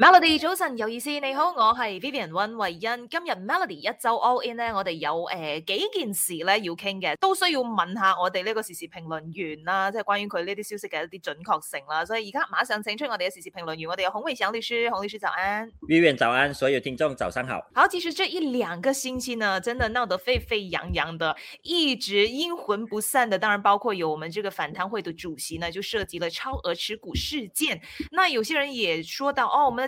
Melody 早晨，有意思，你好，我係 Vivian 溫慧欣。今日 Melody 一周 All In 呢，我哋有誒、呃、幾件事咧，要傾嘅，都需要問下我哋呢個時事評論員啦、啊，即、就、係、是、關於佢呢啲消息嘅一啲準確性啦。所以而家馬上請出我哋嘅時事評論員，我哋有孔偉祥律師，孔律師早安。Vivian 早安，所有聽眾早上好。好，其實這一兩個星期呢，真的鬧得沸沸揚揚的，一直陰魂不散的，當然包括有我們這個反貪會的主席呢，就涉及了超額持股事件。那有些人也說到，哦，我們。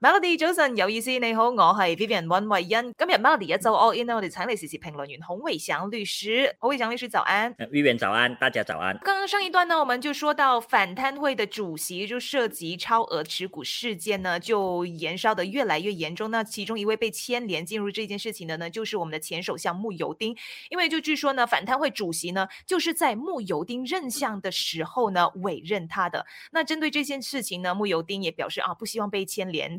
n 莉 o n 有意思，你好，我係 Vivian One Wayan。今日 d 莉一走 all in 啦、mm，我、hmm. 哋請嚟時時評論員洪偉祥律師，洪偉祥律師早安，Vivian、mm hmm. 早安，大家早安。剛剛上一段呢，我們就說到反貪會的主席就涉及超額持股事件呢，就延燒的越來越嚴重。那其中一位被牽連進入這件事情的呢，就是我們的前首相木有丁，因為就據說呢，反貪會主席呢，就是在木有丁任相的時候呢委任他的。那針對這件事情呢，木有丁也表示啊，不希望被牽連。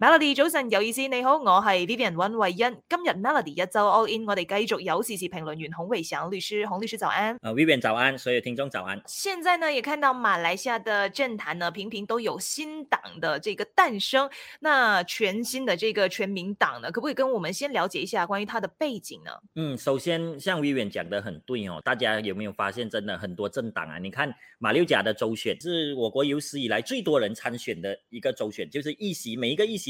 Melody 早晨有意思，你好，我係 Vivian 溫慧欣。今日 Melody 一周 All In，我哋繼續有時事評論員洪偉祥律師，洪律師早安。啊、uh，Vivian 早安，所有聽眾早安。現在呢，也看到馬來西亞的政壇呢，頻頻都有新黨的這個誕生。那全新的這個全民黨呢，可不可以跟我們先了解一下關於它的背景呢？嗯，首先，像 Vivian 講得很對哦，大家有沒有發現，真的很多政黨啊？你看馬六甲的周選，是我國有史以來最多人參選的一個周選，就是一席每一個一席。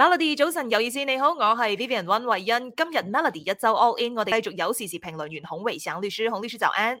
Melody，早晨有意思，你好，我係 Vivian 溫慧欣。今日 Melody 一周 All In，我哋繼續有時事評論員孔維想律師，孔律師就安。